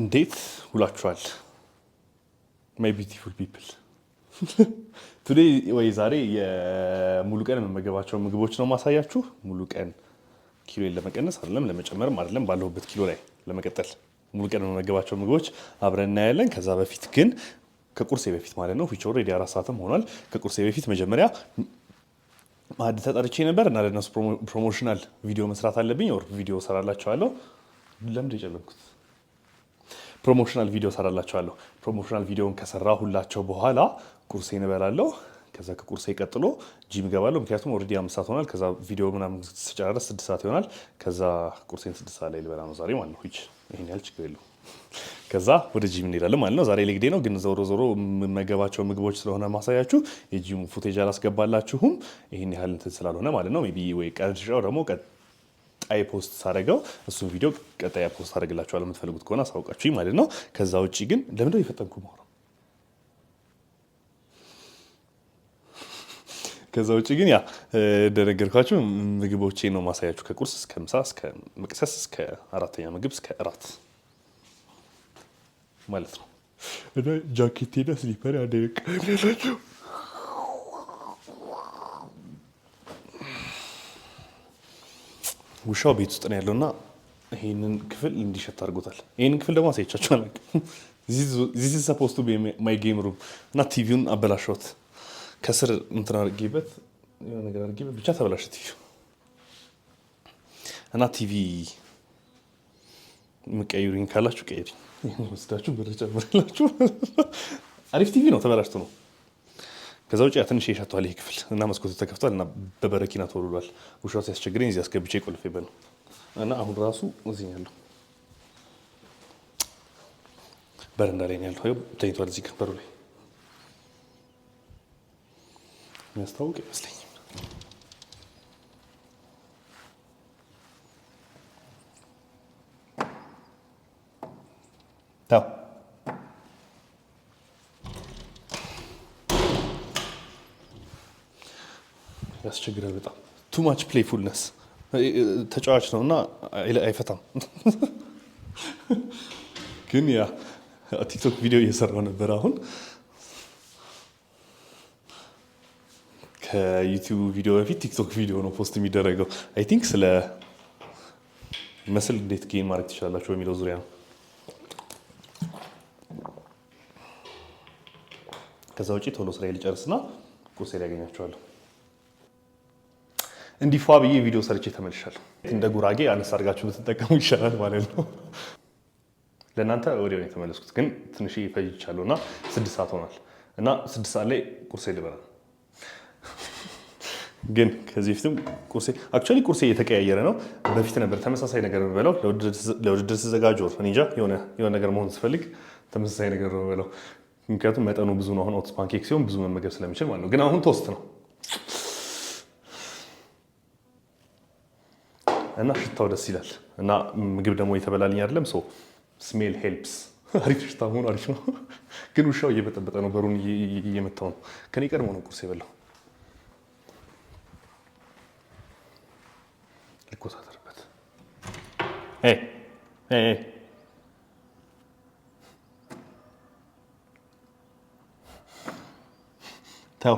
እንዴት ውላችኋል? ማይ ቢዩቲፉል ፒፕል ቱዴይ ወይ ዛሬ የሙሉ ቀን የመመገባቸው ምግቦች ነው ማሳያችሁ። ሙሉ ቀን ኪሎን ለመቀነስ አይደለም ለመጨመርም አይደለም ባለሁበት ኪሎ ላይ ለመቀጠል ሙሉ ቀን የመመገባቸው ምግቦች አብረን እናያለን። ከዛ በፊት ግን ከቁርሴ በፊት ማለት ነው ፊቸ ኦልሬዲ አራት ሰዓትም ሆኗል። ከቁርሴ በፊት መጀመሪያ ማዕድ ተጠርቼ ነበር እና ፕሮሞሽናል ቪዲዮ መስራት አለብኝ። ወር ቪዲዮ ሰራላቸዋለሁ። ለምንድን የጨለምኩት ፕሮሞሽናል ቪዲዮ ሰራላችኋለሁ። ፕሮሞሽናል ቪዲዮን ከሰራ ሁላቸው በኋላ ቁርሴ እበላለሁ። ከዛ ከቁርሴ ቀጥሎ ጂም እገባለሁ። ምክንያቱም ኦልሬዲ አምስት ሰዓት ሆናል። ከዛ ቪዲዮ ምናምን ስጨራረስ ስድስት ሰዓት ይሆናል። ከዛ ቁርሴን ስድስት ሰዓት ላይ ልበላ ነው ዛሬ ማለት ነው። ይህን ያህል ችግር የለውም። ከዛ ወደ ጂም እንሄዳለን ማለት ነው። ዛሬ ሌግዴ ነው፣ ግን ዞሮ ዞሮ የምመገባቸው ምግቦች ስለሆነ ማሳያችሁ የጂሙ ፉቴጅ አላስገባላችሁም። ይህን ያህል እንትን ስላልሆነ ማለት ነው ቢ ወይ ቀርሻው ደግሞ ቀጣይ ፖስት ሳደረገው እሱን ቪዲዮ ቀጣይ ፖስት አደረግላችኋለሁ። የምትፈልጉት ከሆነ አሳውቃችሁ ማለት ነው። ከዛ ውጭ ግን ለምንድነው የፈጠንኩ መሆኑ? ከዛ ውጭ ግን ያ እንደነገርኳችሁ ምግቦቼ ነው ማሳያችሁ። ከቁርስ እስከ ምሳ፣ እስከ መቅሰስ፣ እስከ አራተኛ ምግብ፣ እስከ እራት ማለት ነው እና ጃኬቴና ስሊፐር ያደረቅ ውሻው ቤት ውስጥ ነው ያለውና ይህንን ክፍል እንዲሸት አድርጎታል። ይህንን ክፍል ደግሞ አሳይቻችሁ አላውቅም። ዚስ ሰፖስቱ ማይ ጌም ሩም እና ቲቪውን አበላሸሁት። ከስር እንትን አድርጌበት የሆነ ነገር አድርጌበት ብቻ ተበላሸ ቲቪ እና ቲቪ የምትቀይሩኝ ካላችሁ ቀይሩኝ፣ ወስዳችሁ ብር ጨምርላችሁ። አሪፍ ቲቪ ነው፣ ተበላሽቶ ነው ከዛ ውጭ ትንሽ የሻቷል ይህ ክፍል እና መስኮቱ ተከፍቷል እና በበረኪና ተወልሏል። ውሻ ሲያስቸግረኝ እዚህ አስገብቼ ቆልፌ ነው እና አሁን ራሱ እዚህ ያለው በረንዳ ላይ ያለው ተኝቷል። እዚህ ከበሩ ላይ የሚያስታውቅ ይመስለኝ ታው ያስቸግራል በጣም ቱ ማች ፕሌይፉልነስ ተጫዋች ነው እና አይፈታም። ግን ያ ቲክቶክ ቪዲዮ እየሰራው ነበር። አሁን ከዩቲዩብ ቪዲዮ በፊት ቲክቶክ ቪዲዮ ነው ፖስት የሚደረገው። አይ ቲንክ ስለ መስል እንዴት ጌን ማድረግ ትችላላችሁ በሚለው ዙሪያ ነው። ከዛ ውጭ ቶሎ ስራ ሊጨርስና ቁርሴ ሊያገኛቸዋለሁ። እንዲፏ ብዬ ቪዲዮ ሰርቼ ተመልሻለሁ። እንደ ጉራጌ አነስ አድርጋችሁ ብትጠቀሙ ይሻላል ማለት ነው። ለእናንተ ወዲያው ነው የተመለስኩት፣ ግን ትንሽ ፈጅቻለሁ እና ስድስት ሰዓት ሆናል እና ስድስት ሰዓት ላይ ቁርሴ ልበላል። ግን ከዚህ በፊትም ቁርሴ አክቹዋሊ ቁርሴ እየተቀያየረ ነው። በፊት ነበር ተመሳሳይ ነገር የምበላው ለውድድር ስዘጋጅ ወር እንጃ የሆነ ነገር መሆን ስፈልግ ተመሳሳይ ነገር ነው የምበላው። ምክንያቱም መጠኑ ብዙ ነው። አሁን ኦትስ ፓንኬክ ሲሆን ብዙ መመገብ ስለሚችል ማለት ነው። ግን አሁን ቶስት ነው እና ሽታው ደስ ይላል እና ምግብ ደግሞ እየተበላልኝ አይደለም። ሶ ስሜል ሄልፕስ አሪፍ ሽታ መሆኑ አሪፍ ነው። ግን ውሻው እየበጠበጠ ነው፣ በሩን እየመታው ነው። ከኔ ቀድሞ ነው ቁርስ የበላው። ልቆሳተርበት። ተው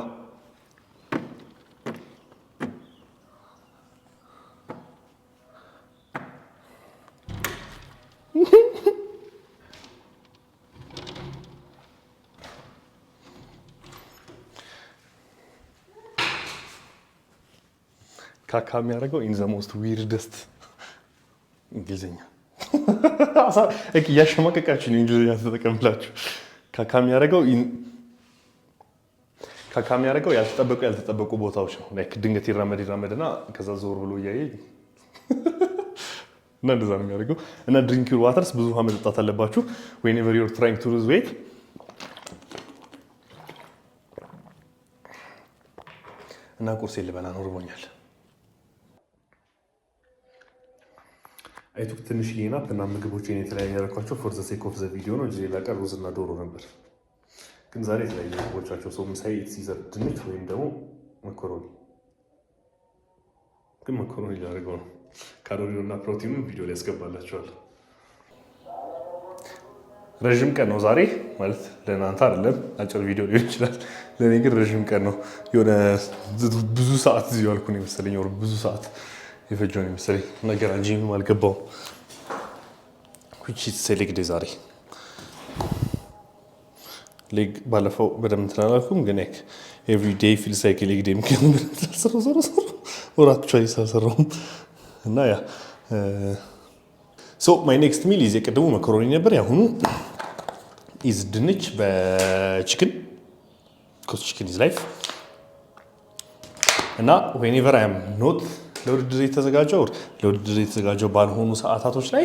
ካካ የሚያደርገው ኢን ዘ ሞስት ዊርደስት እንግሊዝኛ እያሸማቀቃችሁ ነው እንግሊዝኛ ተጠቀምላችሁ። ካካ የሚያደርገው ካካ የሚያደርገው ያልተጠበቁ ያልተጠበቁ ቦታዎች ነው። ላይክ ድንገት ይራመድ ይራመድ እና ከዛ ዞር ብሎ እያየ እና እንደዛ ነው የሚያደርገው። እና ድሪንክ ዩር ዋተርስ ብዙ ውሃ መጠጣት አለባችሁ። ዌንኤቨር ዩር ትራይንግ ቱ ሉዝ ዌይት እና ቁርስ ልበላ ነው፣ ርቦኛል። አይቱክ ትንሽዬ ናት እና ምግቦችን የተለያየ ያረኳቸው ፎር ዘ ሴክ ኦፍ ዘ ቪዲዮ ነው እንጂ ሌላ ቀን ሩዝ እና ዶሮ ነበር። ግን ዛሬ የተለያዩ ምግቦቻቸው ሰው ምሳይ ሲዘር ድንች ወይም ደግሞ መኮሮኒ ግን መኮሮኒ ላደርገው ነው። ካሎሪው እና ፕሮቲኑ ቪዲዮ ላይ ያስገባላቸዋል። ረዥም ቀን ነው ዛሬ ማለት ለእናንተ አይደለም፣ አጭር ቪዲዮ ሊሆን ይችላል። ለእኔ ግን ረዥም ቀን ነው። የሆነ ብዙ ሰዓት እዚህ አልኩ ነው የመሰለኝ ብዙ ሰዓት የፈጀውን የመሰለኝ ነገር እንጂ ምንም አልገባውም። ኩቺት ሴሌግዴ ዛሬ ሌግ ባለፈው በደንብ እንትን አላልኩም፣ ግን ክ ኤቭሪ ዴይ ፊልስ ላይክ ሌግ ዴይ ምክንያት ስረው ስረው ስረው ወራት እና ያ ሶ ማይ ኔክስት ሚል ይዜ ቅድሙ መኮሮኒ ነበር። ያሁኑ ኢዝ ድንች በችክን ኮስ ችክን ኢዝ ላይፍ እና ዌኔቨር አይ አም ኖት ለውድድር የተዘጋጀው ለውድድር የተዘጋጀው ባልሆኑ ሰዓታቶች ላይ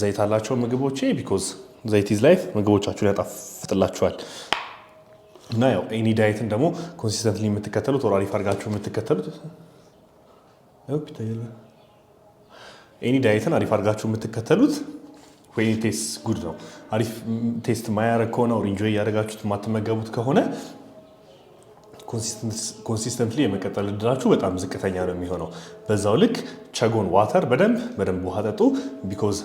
ዘይት አላቸው ምግቦቼ ቢኮዝ ዘይት ኢዝ ላይፍ ምግቦቻችሁን ያጣፍጥላችኋል። እና ያው ኤኒ ዳይትን ደግሞ ኮንሲስተንትሊ የምትከተሉት ኦር አድርጋችሁ የምትከተሉት ኤኒ ዳይትን አሪፍ አድርጋችሁ የምትከተሉት ወይ ቴስት ጉድ ነው። አሪፍ ቴስት ማያረግ ከሆነ ኢንጆይ እያደረጋችሁት የማትመገቡት ከሆነ ኮንሲስተንትሊ የመቀጠል እድላችሁ በጣም ዝቅተኛ ነው የሚሆነው። በዛው ልክ ቸጎን ዋተር በደንብ በደንብ ውሃ ጠጡ። ቢኮዝ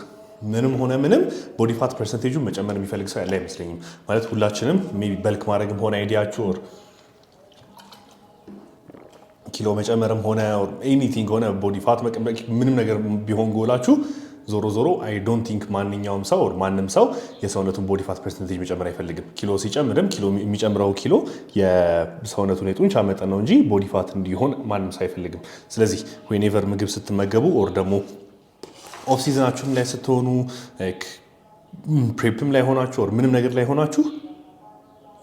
ምንም ሆነ ምንም ቦዲፋት ፐርሰንቴጁ መጨመር የሚፈልግ ሰው ያለ አይመስለኝም። ማለት ሁላችንም ሜይ ቢ በልክ ማድረግም ሆነ አይዲያችሁ ኪሎ መጨመርም ሆነ ኤኒቲንግ ሆነ ቦዲፋት ፋት ምንም ነገር ቢሆን ጎላችሁ ዞሮ ዞሮ አይ ዶንት ቲንክ ማንኛውም ሰው ማንም ሰው የሰውነቱን ቦዲ ፋት ፐርሰንቴጅ መጨመር አይፈልግም። ኪሎ ሲጨምርም ኪሎ የሚጨምረው ኪሎ የሰውነቱን የጡንቻ መጠን ነው እንጂ ቦዲ ፋት እንዲሆን ማንም ሰው አይፈልግም። ስለዚህ ዌኔቨር ምግብ ስትመገቡ ኦር ደግሞ ኦፍ ላይ ስትሆኑ ፕሬፕም ላይ ሆናችሁ ኦር ምንም ነገር ላይ ሆናችሁ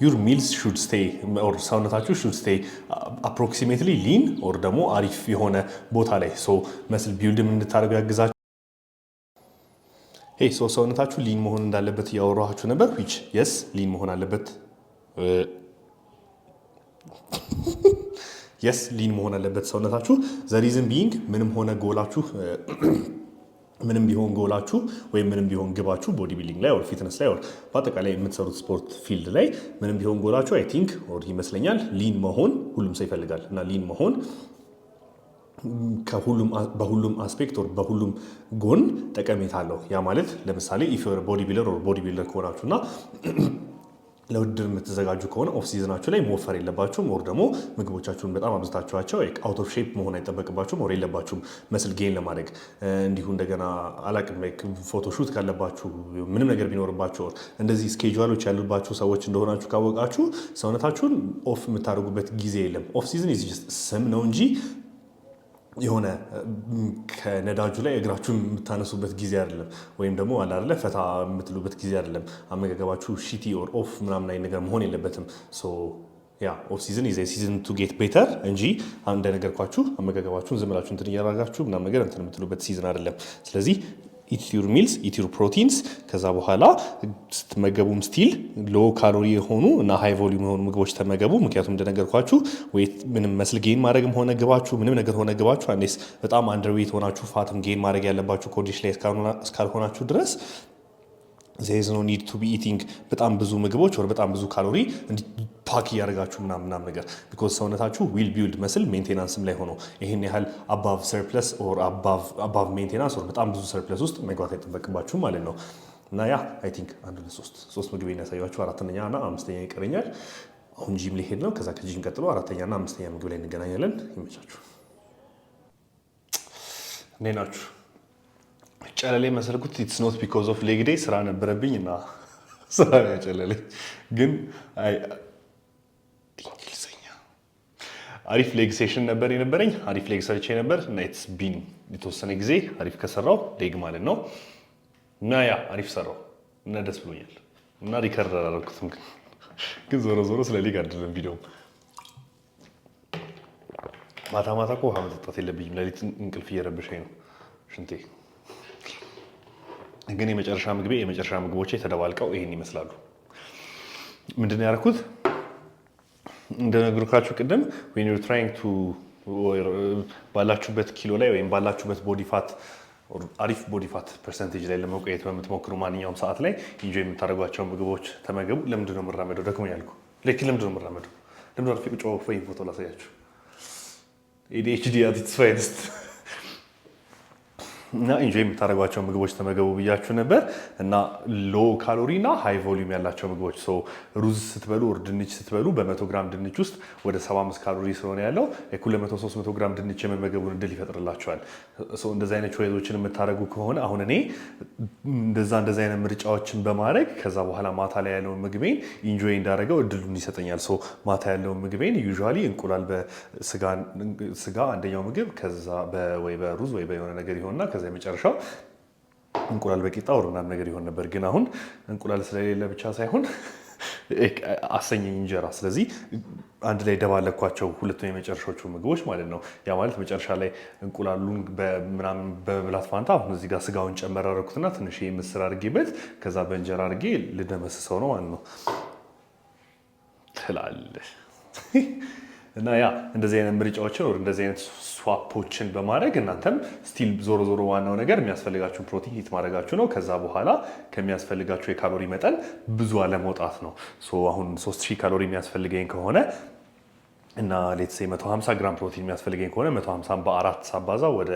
ዩር ሚልስ ሹድ ስቴይ ኦር ሰውነታችሁ ሹድ ስቴይ አፕሮክሲሜትሊ ሊን ኦር ደግሞ አሪፍ የሆነ ቦታ ላይ ሶ መስል ቢውልድም እንድታደርጉ ያግዛችሁ ሄ ሰው ሰውነታችሁ ሊን መሆን እንዳለበት እያወራኋችሁ ነበር። ዊች የስ ሊን መሆን አለበት። የስ ሊን መሆን አለበት ሰውነታችሁ። ዘሪዝን ቢንግ ምንም ሆነ ጎላችሁ ምንም ቢሆን ጎላችሁ ወይም ምንም ቢሆን ግባችሁ ቦዲ ቢልዲንግ ላይ ኦር ፊትነስ ላይ ኦር በአጠቃላይ የምትሰሩት ስፖርት ፊልድ ላይ ምንም ቢሆን ጎላችሁ አይ ቲንክ ኦር ይመስለኛል ሊን መሆን ሁሉም ሰው ይፈልጋል እና ሊን መሆን በሁሉም አስፔክት ወር በሁሉም ጎን ጠቀሜታ አለው። ያ ማለት ለምሳሌ ኢፍ ቦዲ ቢለር ወር ቦዲ ቢለር ከሆናችሁ እና ለውድድር የምትዘጋጁ ከሆነ ኦፍ ሲዝናችሁ ላይ መወፈር የለባችሁም። ወር ደግሞ ምግቦቻችሁን በጣም አብዝታችኋቸው አውት ኦፍ ሼፕ መሆን አይጠበቅባችሁም። ወር የለባችሁም መስል ጌን ለማድረግ እንዲሁ እንደገና አላቅም ፎቶ ሹት ካለባችሁ ምንም ነገር ቢኖርባችሁ ወር እንደዚህ ስኬጁሎች ያሉባችሁ ሰዎች እንደሆናችሁ ካወቃችሁ ሰውነታችሁን ኦፍ የምታደርጉበት ጊዜ የለም። ኦፍ ሲዝን ስም ነው እንጂ የሆነ ከነዳጁ ላይ እግራችሁን የምታነሱበት ጊዜ አይደለም፣ ወይም ደግሞ አላለ ፈታ የምትሉበት ጊዜ አይደለም። አመጋገባችሁ ሺቲ ኦር ኦፍ ምናምን አይነት ነገር መሆን የለበትም። ያ ኦፍ ሲዝን ኢዝ ሲዝን ቱ ጌት ቤተር እንጂ እንደነገርኳችሁ አመጋገባችሁን ዝምላችሁ እንትን እያደረጋችሁ ምናምን ነገር እንትን የምትሉበት ሲዝን አይደለም። ስለዚህ ኢትዩር ሚልስ ኢትዩር ፕሮቲንስ ከዛ በኋላ ስትመገቡም ስቲል ሎው ካሎሪ የሆኑ እና ሃይ ቮሊዩም የሆኑ ምግቦች ተመገቡ። ምክንያቱም እንደነገርኳችሁ ዌት ምንም መስል ጌን ማድረግም ሆነ ግባችሁ ምንም ነገር ሆነ ግባችሁ አንዴስ በጣም አንደርዌት ሆናችሁ ፋትም ጌን ማድረግ ያለባችሁ ኮዲሽ ላይ እስካልሆናችሁ ድረስ ዜዝ ኖ ኒድ ቱ ቢ ኢቲንግ በጣም ብዙ ምግቦች ወር በጣም ብዙ ካሎሪ ፓክ እያደረጋችሁ ምናምናም ነገር ቢኮዝ ሰውነታችሁ ዊል ቢውልድ መስል ሜንቴናንስም ላይ ሆኖ ይህን ያህል አባቭ ሰርፕለስ ኦር አባቭ ሜንቴናንስ ኦር በጣም ብዙ ሰርፕለስ ውስጥ መግባት አይጠበቅባችሁም ማለት ነው። እና ያ አይ ቲንክ አንድ ለሶስት ሶስት ምግብ ያሳያችሁ አራተኛ እና አምስተኛ ይቀረኛል። አሁን ጂም ሊሄድ ነው። ከዛ ከጂም ቀጥሎ አራተኛ አራተኛና አምስተኛ ምግብ ላይ እንገናኛለን። ይመቻችሁ። እኔ ናችሁ ጨለሌ መሰልኩት። ኢትስ ኖት ቢኮዝ ኦፍ ሌግ ዴይ ስራ ነበረብኝ እና ስራ ያጨለሌ ግን አሪፍ ሌግ ሴሽን ነበር የነበረኝ። አሪፍ ሌግ ሰርቼ ነበር እና ኢትስ ቢን የተወሰነ ጊዜ አሪፍ ከሰራው ሌግ ማለት ነው እና ያ አሪፍ ሰራው እና ደስ ብሎኛል እና ሪከርድ አላደረኩትም፣ ግን ዞሮ ዞሮ ስለ ሊግ አይደለም ቪዲዮ። ማታ ማታ እኮ ውሃ መጠጣት የለብኝም ለሊት እንቅልፍ እየረብሸኝ ነው ሽንቴ። ግን የመጨረሻ ምግቤ የመጨረሻ ምግቦቼ ተደባልቀው ይሄን ይመስላሉ። ምንድን ነው ያደረኩት? እንደነገርኳችሁ ቅድም ዌን ዩ ትራይንግ ቱ ባላችሁበት ኪሎ ላይ ወይም ባላችሁበት ቦዲፋት አሪፍ ቦዲፋት ፐርሰንቴጅ ላይ ለመቆየት በምትሞክሩ ማንኛውም ሰዓት ላይ እንጆ የምታደርጓቸው ምግቦች ተመገቡ። ለምንድን ነው የምራመደው ደግሞ ያልኩ? ልክ ለምንድን ነው የምራመደው? ለምንድን ነው ፎቶ ላሳያችሁ። ኤዲኤችዲ አት ኢትስ ፋይንስት እና ኢንጆይ የምታደርጓቸው ምግቦች ተመገቡ ብያችሁ ነበር እና ሎ ካሎሪ እና ሃይ ቮሊዩም ያላቸው ምግቦች ሩዝ ስትበሉ ር ድንች ስትበሉ በመቶ ግራም ድንች ውስጥ ወደ 75 ካሎሪ ስለሆነ ያለው እኩል 300 ግራም ድንች የመመገቡን እድል ይፈጥርላቸዋል። እንደዚህ አይነት ቾይዞችን የምታደርጉ ከሆነ አሁን እኔ እንደዛ እንደዚ አይነት ምርጫዎችን በማድረግ ከዛ በኋላ ማታ ላይ ያለውን ምግቤን ኢንጆይ እንዳደረገው እድሉን ይሰጠኛል። ማታ ያለውን ምግቤን ዩዥዋሊ እንቁላል በስጋ አንደኛው ምግብ ከዛ ወይ በሩዝ ወይ በሆነ ነገር ይሆንና ከዛ የመጨረሻው እንቁላል በቂጣ ወር ምናምን ነገር ይሆን ነበር። ግን አሁን እንቁላል ስለሌለ ብቻ ሳይሆን አሰኘኝ እንጀራ። ስለዚህ አንድ ላይ ደባለኳቸው ሁለቱ የመጨረሻዎቹ ምግቦች ማለት ነው። ያ ማለት መጨረሻ ላይ እንቁላሉን ምናምን በብላት ፋንታ አሁን እዚህ ጋር ስጋውን ጨመር አደረኩትና ትንሽ ምስር አድርጌበት ከዛ በእንጀራ አድርጌ ልደመስሰው ነው ማለት ነው ትላለህ። እና ያ እንደዚህ አይነት ምርጫዎችን እንደዚህ አይነት ስዋፖችን በማድረግ እናንተም ስቲል ዞሮ ዞሮ ዋናው ነገር የሚያስፈልጋችሁን ፕሮቲን ሂት ማድረጋችሁ ነው። ከዛ በኋላ ከሚያስፈልጋችሁ የካሎሪ መጠን ብዙ አለመውጣት ነው። አሁን 3000 ካሎሪ የሚያስፈልገኝ ከሆነ እና ሌትሴ 150 ግራም ፕሮቲን የሚያስፈልገኝ ከሆነ 150 በአራት ሳባዛ ወደ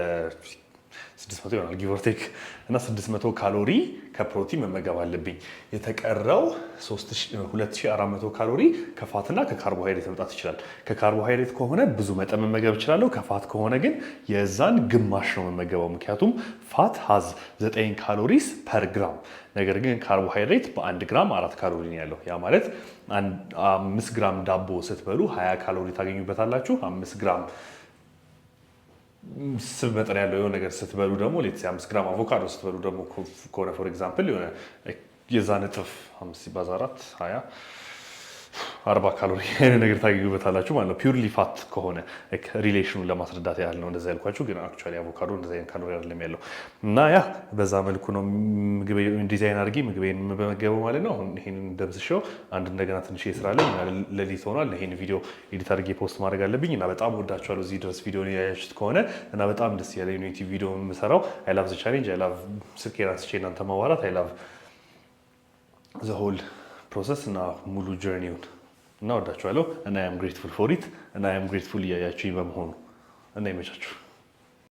600 ይሆናል ጊቨርቴክ እና 600 ካሎሪ ከፕሮቲን መመገብ አለብኝ። የተቀረው 2400 ካሎሪ ከፋትና ከካርቦሃይድሬት መምጣት ይችላል። ከካርቦሃይድሬት ከሆነ ብዙ መጠን መመገብ እችላለሁ። ከፋት ከሆነ ግን የዛን ግማሽ ነው መመገበው፣ ምክንያቱም ፋት ሀዝ 9 ካሎሪስ ፐር ግራም ነገር ግን ካርቦሃይድሬት በአንድ ግራም አራት ካሎሪ ነው ያለው። ያ ማለት 5 ግራም ዳቦ ስትበሉ 20 ካሎሪ ታገኙበታላችሁ። 5። ግራም ስብ መጠን ያለው የሆነ ነገር ስትበሉ ደግሞ ሌት አምስት ግራም አቮካዶ ስትበሉ ደግሞ ከሆነ ፎር ኤግዛምፕል የሆነ የዛ ነጥብ አምስት ሲባዛ አራት ሀያ አርባ ካሎሪ አይነት ነገር ታገኙበታላችሁ ማለት ነው። ፒውርሊ ፋት ከሆነ ሪሌሽኑን ለማስረዳት ያህል ነው እንደዚ ያልኳችሁ። ግን አክቹዋሊ አቮካዶ እንደዚ አይነት ካሎሪ አይደለም ያለው እና ያ በዛ መልኩ ነው ምግብ ዲዛይን አድርጌ ምግቤን በመገበው ማለት ነው። አሁን ይህን ደምስሸው አንድ እንደገና ትንሽ የስራ ላይ ሌሊት ሆኗል። ይሄን ቪዲዮ ኤዲት አድርጌ ፖስት ማድረግ አለብኝ እና በጣም ወዳችኋለሁ። እዚህ ድረስ ቪዲዮ ያያችሁት ከሆነ እና በጣም ደስ ያለ ዩኒቲ ቪዲዮ የምሰራው አይላቭ ዘ ቻሌንጅ አይላቭ ስልኬን አንስቼ እናንተ ማዋራት አይላቭ ዘ ሆል ፕሮሰስ እና ሙሉ ጆርኒውን እና ወዳችኋለሁ እና አይ አም ግሬትፉል ፎር ኢት እና አይ አም ግሬትፉል እያያችሁ በመሆኑ እና ይመቻችሁ።